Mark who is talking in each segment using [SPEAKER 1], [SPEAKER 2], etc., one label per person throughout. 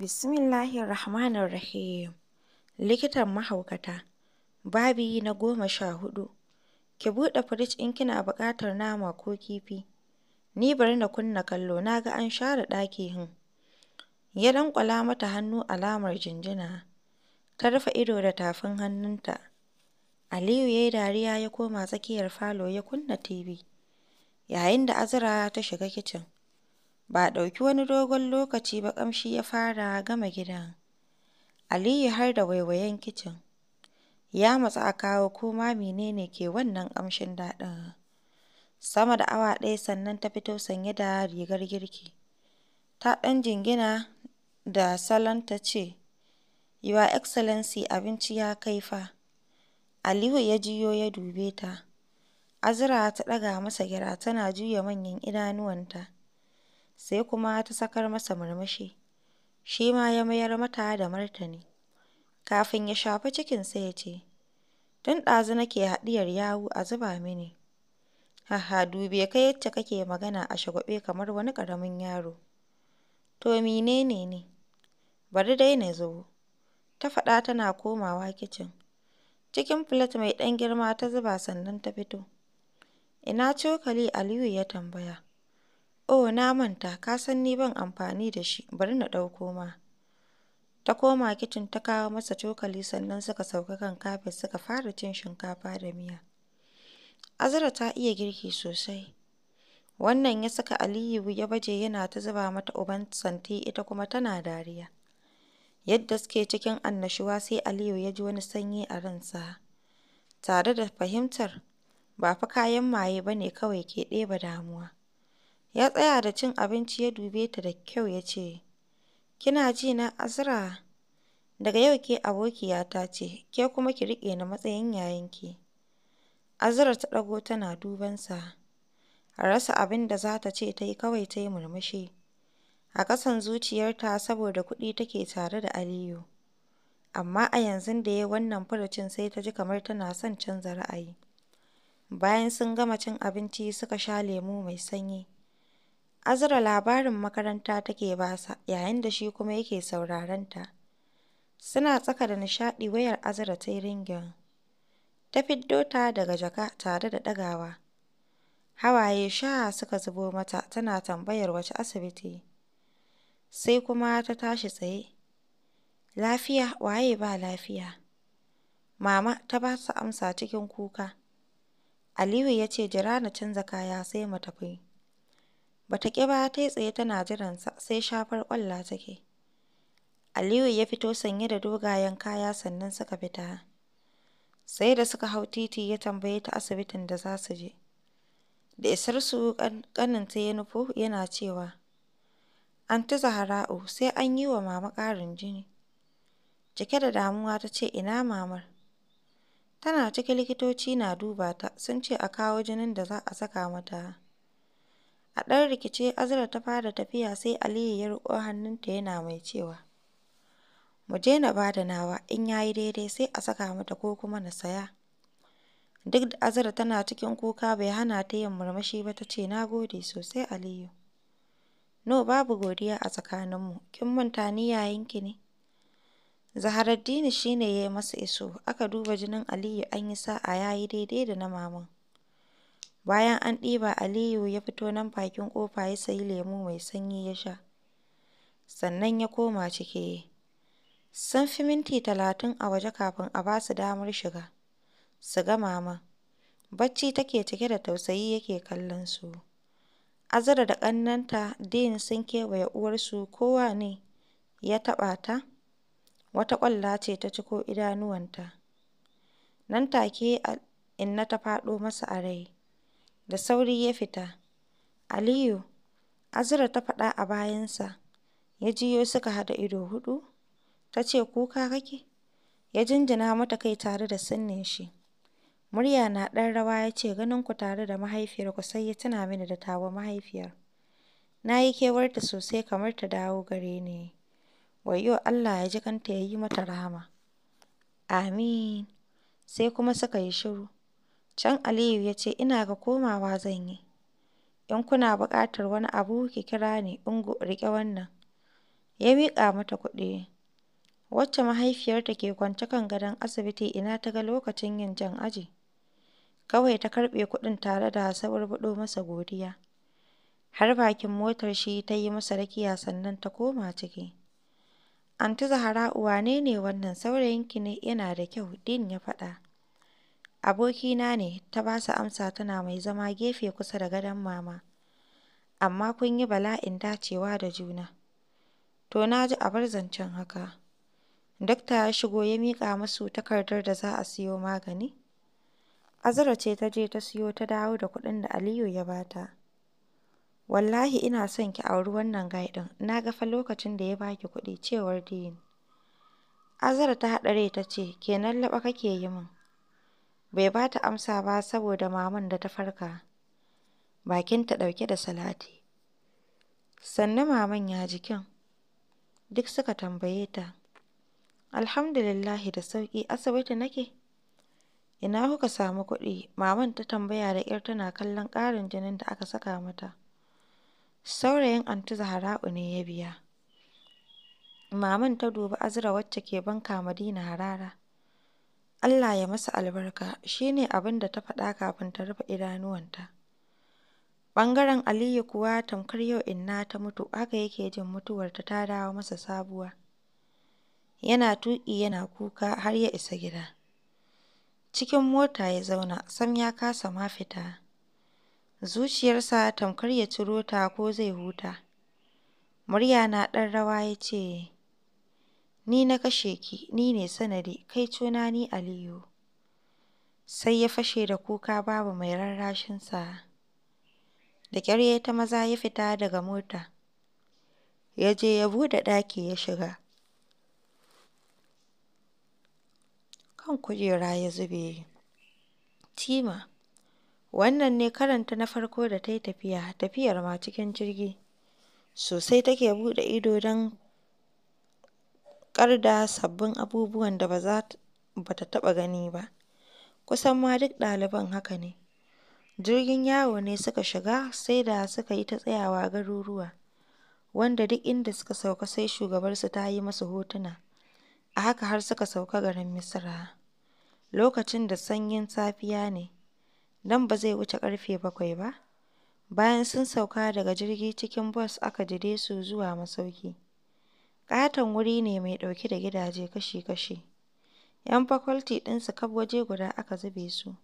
[SPEAKER 1] Bismillahirrahmanirrahim. Likitan mahaukata. Babi na goma sha hudu. Ki buɗe firij in kina buƙatar nama ko kifi. Ni bari na kunna kallo na ga an share ɗaki hin. Ya danƙwala mata hannu alamar jinjina. Ta rufe ido da tafin hannunta. Aliyu ya yi dariya ya koma tsakiyar falo ya kunna TV. Yayin da Azra ta shiga kicin. Ba ɗauki wani dogon lokaci ba ƙamshi ya fara gama gidan. Aliyu har da waiwayen kicin. Ya matsa a kawo ko ma menene ke wannan ƙamshin daɗin. Sama da awa ɗaya sannan ta fito sanye da rigar girki. Ta ɗan jingina da salon ta ce, Your Excellency abinci ya kai fa. Aliyu ya jiyo ya dube ta. Azra ta ɗaga masa gira tana juya manyan idanuwanta. sai kuma ta sakar masa murmushi, shi ma ya mayar mata da martani. Kafin ya shafi cikinsa ya ce, Tun ɗazu nake haɗiyar yawu a zuba mini. Haha, dube ka yadda kake magana a shagwaɓe kamar wani ƙaramin yaro. To menene ne? Bari dai na zo. Ta faɗa tana komawa kicin. Cikin filet mai ɗan girma ta zuba sannan ta fito. Ina cokali? Aliyu ya tambaya. Oh, na manta, ka san ni ban amfani da shi, bari na ɗauko ma. Ta koma kicin ta kawo masa cokali sannan suka sauka kan kafet suka fara cin shinkafa da miya. Azra ta iya girki sosai. Wannan ya saka Aliyu ya baje yana ta zuba mata uban santi ita kuma tana dariya. Yadda suke cikin annashuwa sai Aliyu ya ji wani sanyi a ransa. Tare da fahimtar, ba fa kayan maye ba ne kawai ke ɗeba damuwa. Ya tsaya da cin abinci ya dube ta da kyau ya ce, Kina ji na, Azra? Daga yau ke abokiyata ce, ke kuma ki riƙe na matsayin yayinki Azra ta ɗago tana dubansa. Rasa abin da za ta ce ta yi kawai ta yi murmushi. A ƙasan zuciyarta saboda kuɗi take tare da Aliyu. Amma a yanzu da ya wannan furucin sai ta ji kamar tana son canza ra'ayi. Bayan sun gama cin abinci suka sha lemu mai sanyi. Azra labarin makaranta take ba sa, yayin da shi kuma yake sauraron ta. Suna tsaka da nishadi wayar azura ta yi ringin. Ta fiddo ta daga jaka tare da dagawa. Hawaye sha suka zubo mata tana tambayar wace asibiti. Sai kuma ta tashi tsaye. Lafiya waye ba lafiya? Mama ta ba su amsa cikin kuka. Aliyu ya ce jira na canza kaya sai mu tafi. Ba ta ƙi ba, ta yi tsaye tana jiransa, sai shafar ƙwalla take. Aliyu ya fito sanye da dogayen kaya sannan suka fita. Sai da suka hau titi ya tambaye ta asibitin da za su je. Da isar su ta ya nufo yana cewa, An ta zahara'u sai an yi wa mama ƙarin jini. Cike da damuwa ta ce ina mamar. Tana cikin likitoci na duba ta sun ce a kawo jinin da za a saka mata. A ɗan rikice, Azra ta fara tafiya sai Aliyu ya riƙo hannunta yana mai cewa, "Mu je na ba nawa, in ya yi daidai sai a saka mata ko kuma na saya." Duk da Azra tana cikin kuka bai hana ta yin murmushi ba ta ce, "Na gode sosai Aliyu. No, babu godiya a tsakaninmu, kin manta ni yayinki ne." Zaharaddini shine shine ya yi masa iso, aka duba jinin Aliyu an yi sa'a ya yi daidai da na maman. Bayan an ɗiba, Aliyu ya fito nan bakin ƙofa ya sayi lemu mai sanyi ya sha, sannan ya koma cike Sun fi minti talatin a waje kafin a ba su damar shiga, su ga mama Bacci take cike da tausayi yake kallon su. azara da ƙannenta din sun kewaye uwarsu ne ya taɓa ta, wata ƙwalla ce ta ciko idanuwanta. Nan take Inna ta faɗo masa a rai. Da sauri ya fita. Aliyu, Azura ta faɗa a bayansa. Ya jiyo suka haɗa ido huɗu. Ta ce, kuka kake? Ya jinjina mata kai tare da sannin shi. Murya na ɗan rawa ya ce, ganin ku tare da mahaifiyarku sai ya tuna mini da tawa mahaifiyar. Na yi kewarta sosai kamar ta dawo gare ni. Wayo Allah ya ji kanta ya yi mata rahama. Amin. Sai kuma suka yi shiru. Can Aliyu ya ce, ina ga komawa zan yi, in kuna buƙatar wani abu ki kira ni in riƙe wannan, ya miƙa mata kuɗi, wacce mahaifiyarta ke kwance kan gadon asibiti ina ta ga lokacin yin jan aji, kawai ta karɓe kuɗin tare da buɗo masa godiya, har bakin motar shi ta yi masa rakiya sannan ta koma ciki. Anty Zahra'u wanene ne wannan saurayinki ne yana da kyau, Din ya faɗa. Abokina ne,” ta ba su amsa tana mai zama gefe kusa da gadon Mama, “amma kun yi bala'in dacewa da juna, to na ji a bar zancen haka.” Dakta ya shigo ya miƙa musu takardar da za a siyo magani. Azura ce ta je ta siyo ta dawo da kuɗin da Aliyu ya bata “Wallahi ina son ki auri wannan guy na ga lokacin da ya baki kuɗi,” cewar din Azura ta haɗari ta ce, “Kenan laɓa kake yi min?” Bai ba ta amsa ba saboda maman da ta farka, bakinta dauke da salati. Sannu maman ya jikin? Duk suka tambaye ta. Alhamdulillahi da sauƙi asibiti nake. Ina kuka samu kuɗi? Maman ta tambaya da ƙyar tana kallon ƙarin jinin da aka saka mata. Saurayin Anti Zahra'u ne ya biya. Maman ta duba Azra wacce ke banka Madina harara. Allah ya masa albarka shi ne abin da ta faɗa kafin ta rufe idanuwanta. Ɓangaren Aliyu kuwa tamkar yau inna ta mutu haka yake jin mutuwarta ta dawo masa sabuwa. Yana tuƙi yana kuka har ya isa gida. Cikin mota ya zauna sam ya kasa ma fita. Zuciyarsa tamkar ya ciro ta ko zai huta. Murya na ɗan rawa ya ce, Ni na kashe ki, ni ne sanadi, Kai cuna ni Aliyu. Sai ya fashe da kuka babu mai rarrashinsa. Da ƙyar ta maza ya fita daga mota. Ya je ya buɗe ɗaki ya shiga. Kan kujera ya zube. Tima, wannan ne karanta na farko da ta yi tafiya, tafiyar ma cikin jirgi. Sosai take buɗe ido don haifar da sabbin abubuwan da ba ta taɓa gani ba. Kusan ma duk ɗaliban haka ne. Jirgin yawo ne suka shiga sai da suka yi ta tsayawa garuruwa, wanda duk inda suka sauka sai shugabarsu ta yi masu hotuna. A haka har suka sauka garin Misira. Lokacin da sanyin safiya ne, Dan ba zai wuce karfe bakwai ba. Bayan sun sauka daga jirgi cikin bas aka jide su zuwa masauki. Ƙaton wuri ne mai ɗauke da gidaje kashi-kashi, ‘yan ɗin ɗinsu kaf waje guda aka zube su,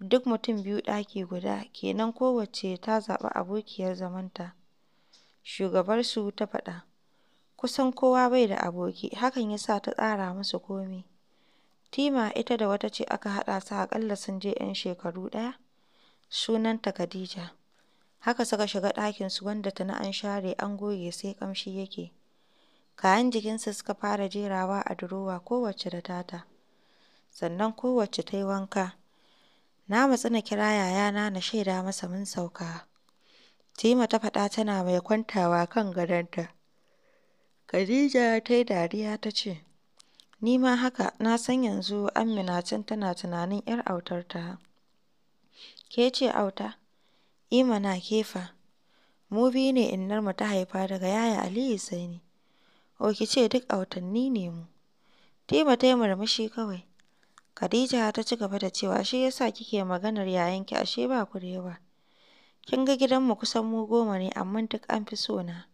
[SPEAKER 1] duk mutum biyu ɗaki guda, kenan kowacce ta zaɓi abokiyar zamanta, shugabarsu ta faɗa, kusan kowa bai da aboki, hakan ya sa ta tsara musu kome, Tima ita da wata ce aka haɗa su aƙalla sun je ‘yan shekaru ɗaya, sunanta Khadija, haka suka shiga ɗakinsu wanda tuni an share an goge sai ƙamshi yake. Kayan jikinsa suka fara jerawa a durowa kowace da tata, sannan kowace ta yi wanka. Na matsi na kira yayana na shaida masa mun sauka. Tima ta faɗa tana mai kwantawa kan gadonta. Khadija ta yi dariya ta ce, Ni ma haka na san yanzu Amina can tana tunanin ‘yar autarta. Ke ce auta? I eh mana Mu biyu ne mu ta haifa daga yaya Aliyu sai ne Oh ki ce duk a watanni ne mu. Tima ta yi murmushi kawai. Khadija ta ci gaba da cewa shi ya sa kike maganar yayanki ashe ba ku da yawa. Kin ga gidanmu kusan mu goma ne amma duk an fi so na.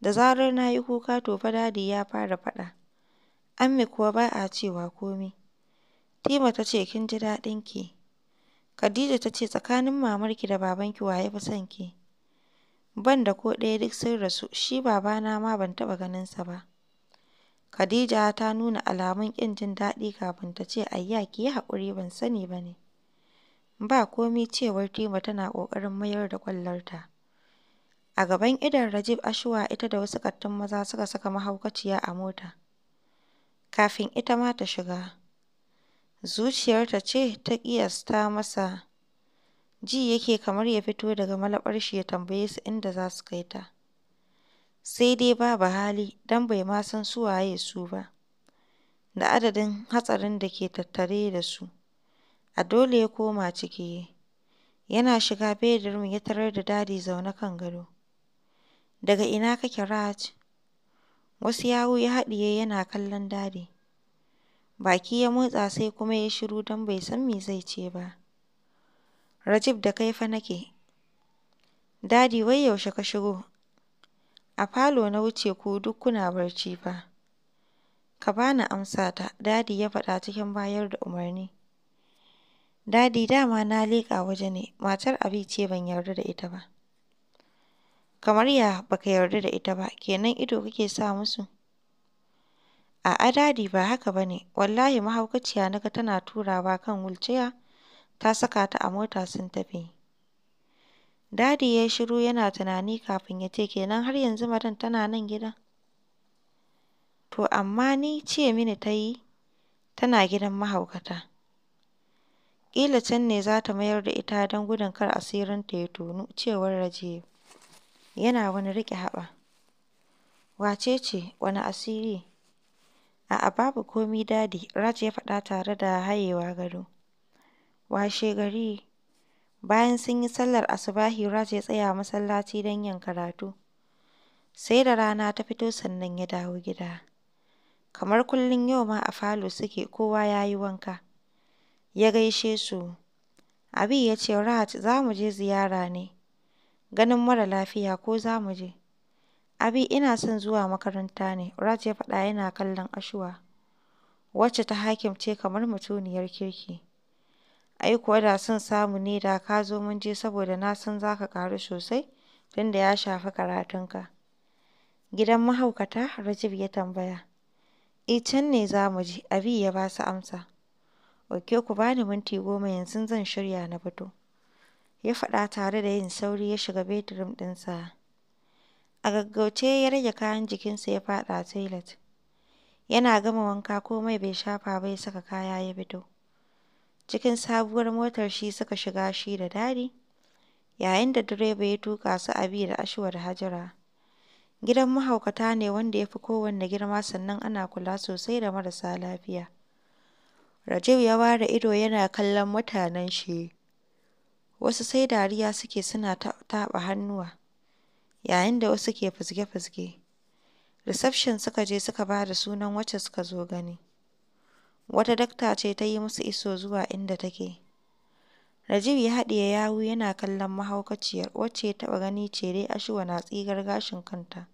[SPEAKER 1] Da zarar na yi kuka to fa dadi ya fara faɗa. Ammi kuwa ba a cewa komi. Tima ta ce kin ji daɗin ki. Khadija ta ce tsakanin mamarki da babanki wa ya fi son ki? ban da ko ɗaya duk sun rasu, shi babana ma ban taɓa ganinsa ba. Khadija ta nuna alamun ƙin jin daɗi kafin ta ce "Ayya ki yi haƙuri ban sani ba ne." Ba komi cewar Tima tana ƙoƙarin mayar da ƙwallarta A gaban idon Rajib ashuwa ita da wasu ƙattun maza suka saka mahaukaciya a mota. Kafin ita ma ta shiga, zuciyarta ce ta ƙiyasta masa Ji yake kamar ya fito daga shi ya tambaye su inda za su kai ta, sai dai babu hali dan bai ma san su waye su ba da adadin hatsarin da ke tattare da su, a dole ya koma ciki, yana shiga bedroom ya tarar da Dadi zaune kan gado. “Daga ina kake Raj?” Wasu yawu ya haɗiye yana kallon Dadi, baki ya motsa sai kuma ya shiru dan bai san me zai ce ba. Rajib da kai fa nake. Dadi wai yaushe ka shigo? A falo na wuce ku duk kuna barci fa. Ka bani amsa ta Dadi ya faɗa cikin bayar da umarni. Dadi dama na leƙa waje ne, matar Abi ce ban yarda da ita ba. Kamar ya baka yarda da ita ba, kenan ido kake sa musu? A'a Dadi ba haka bane wallahi mahaukaciya naga tana turawa kan wulciya ta saka ta a mota sun tafi. Dadi ya shiru yana tunani kafin ya ce kenan har yanzu madan tana nan gidan? To amma ni ce mini ta yi tana gidan mahaukata. Ƙila can ne za ta mayar da ita don gudun kar asirin ta ya tonu, cewar raje Yana wani riƙe haɓa. Wace ce? Wani asiri? A'a babu komi dadi, Raj ya faɗa tare da hayewa gado. Washegari, bayan sun yi sallar asubahi, Raj ya tsaya masallaci don yin karatu, sai da rana ta fito sannan ya dawo gida. Kamar kullun yau ma a falo suke kowa ya yi wanka. Ya gaishe su. Abi ya ce, Rahat za mu je ziyara ne, ganin mara lafiya ko za mu je? Abi ina son zuwa makaranta ne, rat ya faɗa yana kallon ashuwa wacce ta hakimce kamar mutuniyar kirki. Ai kuwa da son samu ne da ka zo mun je saboda na san za ka ƙaru sosai tun da ya shafi karatunka. Gidan mahaukata? rajib ya tambaya. E, can ne za mu je, abi ya ba su amsa. Oke ku bani minti goma yanzu zan shirya na fito. Ya faɗa tare da yin sauri ya shiga bedroom ɗinsa. A gaggauce ya rage kayan jikinsa ya faɗa toilet. Yana gama wanka komai bai shafa bai saka kaya ya fito. Cikin sabuwar motar shi suka shiga shi da Dadi, yayin da direba ya tuka su Abi da ashuwar Hajara. Gidan mahaukata ne wanda ya fi kowanne girma sannan ana kula sosai da marasa lafiya. Rajiv ya ware ido yana kallon mutanen shi. Wasu sai dariya suke suna taɓa hannuwa, yayin da wasu ke fizge-fizge. Reception suka je suka ba da sunan wacce suka zo gani. Wata dakta ce ta yi musu iso zuwa inda take. Rajiv ya haɗiye yawu yana kallon mahaukaciyar, wacce ya taɓa gani cere, dai Ashuwa na tsigar gashin kanta.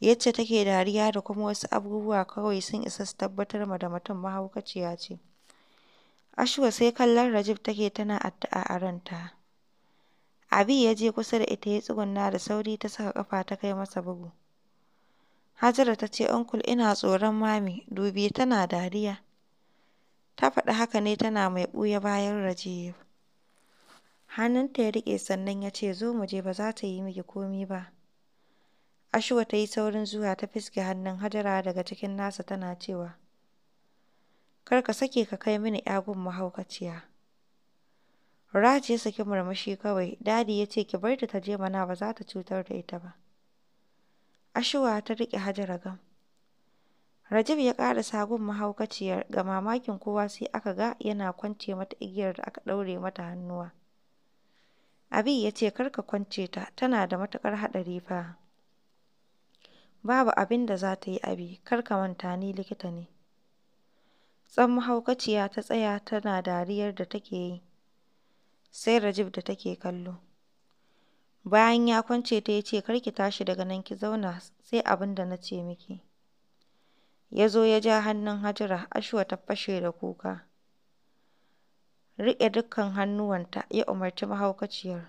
[SPEAKER 1] Yacce take dariya da kuma wasu abubuwa kawai sun isa su tabbatar ma da mutum mahaukaciya ce. Ashuwa sai kallon Rajiv take tana addu'a a ranta. Abi ya je kusa da ita ya tsugunna da sauri ta saka kafa ta kai masa bugu. Hajara ta ce, Uncle ina tsoron mami. Dubi tana dariya. Ta faɗi haka ne tana mai ɓuya bayan Rajiv. Hannunta ya riƙe sannan ya ce, Zo mu je ba za ta yi miki komi ba. Ashuwa ta yi saurin zuwa ta fiske hannun Hajara daga cikin nasa tana cewa, Kar ka sake ka kai mini gun mahaukaciya. raji ya saki murmushi kawai, Dadi ya ce, Ki bar ta ta je mana ba za ta cutar da ita ba. Ashuwa ta riƙe Hajara gam. Rajab ya ƙara sagun mahaukaciyar, ga mamakin kowa sai aka ga yana kwance mata igiyar da aka ɗaure mata hannuwa. Abi ya ce kar ka kwance ta, tana da matuƙar haɗari fa. Babu abin da za ta yi Abi, kar ka manta ni likita ne. Tsan mahaukaciya ta tsaya tana dariyar da take yi, sai Rajab da take kallo. Bayan ya kwance ta ya ce, "Kar ki tashi daga nan ki zauna sai abin da na ce miki." Ya zo ya ja hannun Hajara, Ashwa ta fashe da kuka. Riƙe dukkan hannuwanta ya umarci mahaukaciyar.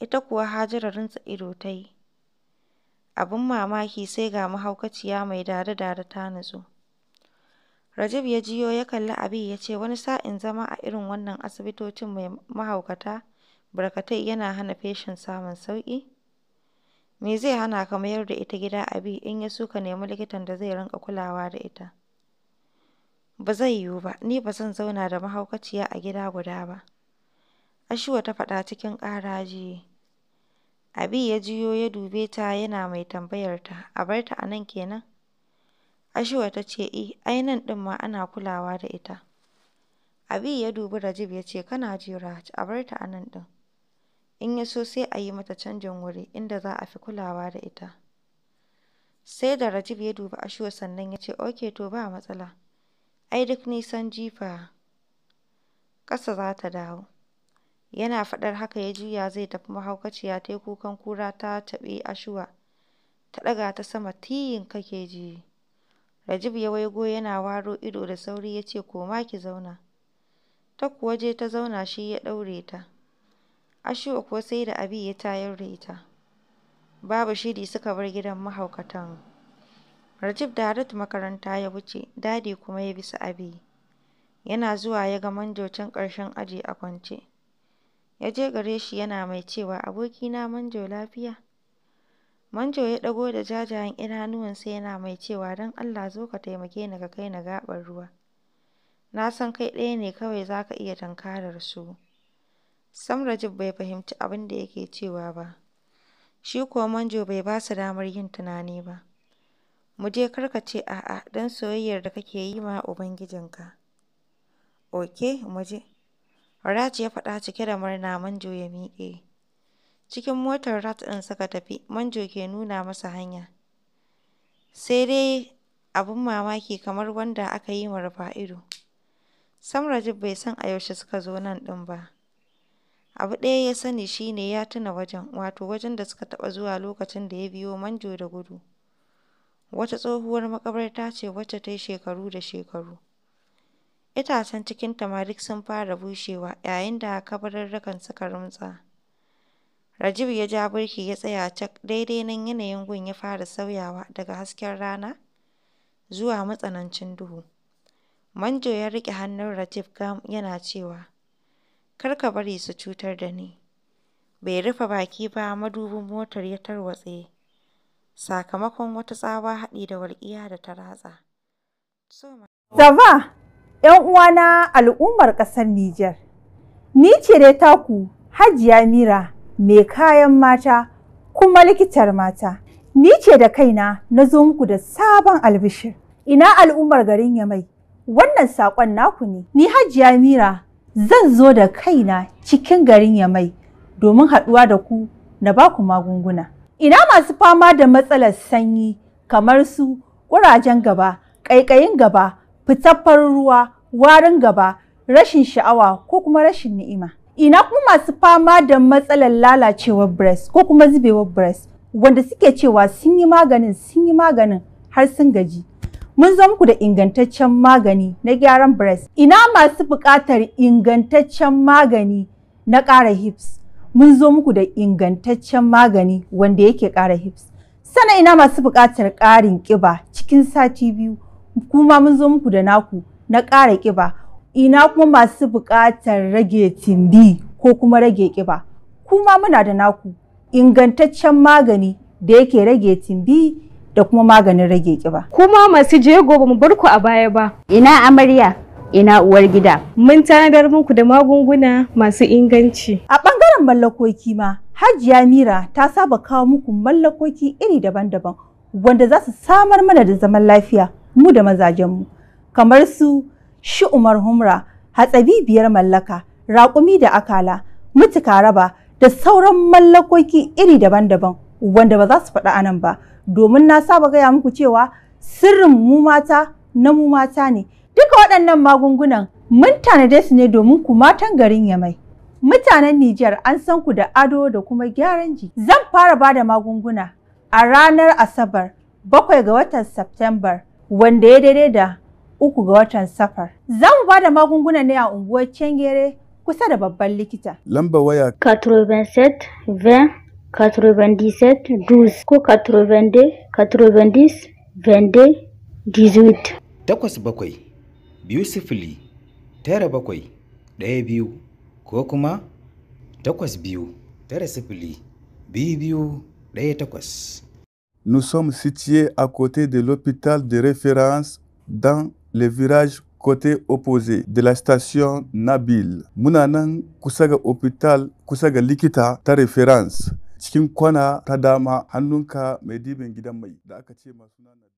[SPEAKER 1] Ita kuwa Hajara rinsa ido ta yi. Abin mamaki sai ga mahaukaciya mai dare-dare ta nutsu. Rajab ya jiyo ya kalli Abi ya ce, "Wani sa'in zama a irin wannan asibitocin mai mahaukata barkatai yana hana feshin samun sauƙi? Me zai hana ka mayar da ita gida abi in ya so ka nemi likitan da zai rinka kulawa da ita? Ba zai yiwu ba, ni ba zan zauna da mahaukaciya a gida guda ba. Ashuwa ta faɗa cikin ƙaraji. Abi ya jiyo ya dube ta yana mai tambayar ta, a bar ta a nan kenan? Ashuwa ta ce i eh, ai nan ɗin ma ana kulawa da ita. Abi ya dubi Rajib ya ce kana jira a bar ta a nan ɗin. in ya so sai a yi mata canjin wuri inda za a fi kulawa da ita. Sai da Rajib ya dubi Ashuwa sannan ya ce, 'Oke to ba matsala, ai duk nisan jifa ƙasa za ta dawo." Yana faɗar haka ya juya zai tafi mahaukaciya ta yi kukan kura ta taɓi Ashuwa, ta ɗaga ta sama tiyin kake ji. Rajib ya waigo yana waro ido da sauri ya ce, "Koma ki zauna." Ta kuwa je ta zauna shi ya ɗaure ta. Ashiru kuwa sai da Abi ya tayar da ita. Babu shiri suka bar gidan mahaukatan. Rajib da Haratu makaranta ya wuce, Dadi kuma ya bi su Abi. Yana zuwa ya ga manjocin ƙarshen aji a kwance. Ya je gare shi yana mai cewa, abokina manjo lafiya? Manjo ya ɗago da jajayen idanuwansa yana mai cewa, don Allah zo ka taimake ni ka kai na gaɓar ruwa. Na san kai ɗaya ne kawai za ka iya tankarar su. Sam Rajib bai fahimci abin da yake cewa ba, shi kuwa Manjo bai ba su damar yin tunani ba. Mu je kar ka ce a'a don soyayyar da kake yi ma Ubangijinka. Oke, mu je. Rat ya faɗa cike da murna Manjo ya miƙe. Cikin motar rat ɗin suka tafi, Manjo ke nuna masa hanya. Sai dai abin mamaki kamar wanda aka yi wa rufa ido. Sam Rajib bai san a yaushe suka zo nan ɗin ba. Abu ɗaya ya sani shine ya tuna wajen, wato wajen da suka taɓa zuwa lokacin da ya biyo Manjo da gudu. Wata tsohuwar ta ce wacce ta yi shekaru da shekaru. Itacen cikin ma duk sun fara bushewa yayin da kabarurrukan suka rumtsa. rajib ya ja birki ya tsaya cak, daidai nan yanayin gun ya fara sauyawa daga hasken rana zuwa matsanancin duhu. Manjo ya riƙe hannun Rajiv gam yana cewa, Kar ka bari su cutar da ni. Bai rufe baki ba madubin motar ya tarwatse sakamakon wata tsawa haɗi da walƙiya da ta ratsa.
[SPEAKER 2] Zama, ‘yan uwana al'ummar ƙasar Nijar, ni ce dai taku Hajiya Mira mai kayan mata kuma likitar mata. Ni ce da kaina na zo muku da sabon albishir. Ina al'ummar garin Yamai, wannan saƙon naku ne. Ni Hajiya Mira zan zo da kaina cikin garin Yamai domin haɗuwa da ku na ba ku magunguna. Ina masu fama da matsalar sanyi kamar su ƙurajen gaba, ƙaiƙayin gaba, fitaffar ruwa, warin gaba, rashin sha'awa ko kuma rashin ni'ima. Ina kuma masu fama da matsalar lalacewar breast ko kuma zubewar breast wanda suke cewa sun yi maganin sun yi maganin har sun gaji. mun zo muku da ingantaccen magani na gyaran breast. Ina masu buƙatar ingantaccen magani na ƙara hips. Mun zo muku da ingantaccen magani wanda yake ƙara hips. Sana ina masu buƙatar ƙarin ƙiba cikin sati biyu. Kuma mun zo muku da naku na ƙara ƙiba. Ina kuma masu buƙatar rage tumbi ko kuma rage ƙiba. Kuma muna da naku ingantaccen magani da yake rage tumbi da kuma maganin rage kiba. Kuma masu jego ba mu bar ku a baya ba. Ina amarya, ina uwar gida. Mun tanadar muku da magunguna masu inganci. A ɓangaren mallakoki ma, Hajiya Mira ta saba kawo muku mallakoki iri daban-daban wanda za su samar mana da zaman lafiya mu da mazajenmu. Kamar su shi Umar Humra, hatsabi biyar mallaka, raƙumi da akala, mutuka raba da sauran mallakoki iri daban-daban wanda ba za su faɗa anan ba. domin na saba gaya muku cewa sirrin mu mata na mu mata ne. Duka waɗannan magungunan mun tanade su ne domin ku matan garin Yamai. Mutanen Nijar an san ku da ado da kuma gyaran ji Zan fara ba da magunguna a ranar Asabar bakwai ga watan September wanda ya daidai da uku ga watan Safar. Zan ba da magungunan ne a unguwar Cengere kusa da babban likita. Lamba waya 87 20 97 12 ko 82 90 22 18 takwas bakwai biyu sifili tara bakwai ɗaya biyu ko kuma takwas biyu tara sifili biyu biyu ɗaya takwas. Nous sommes situés à côté de l'hôpital de référence dans le virage côté opposé de la station Nabil. Muna kusaga hôpital kusaga likita ta référence. cikin kwana ta dama hannunka mai dibin gidan mai da aka ce masu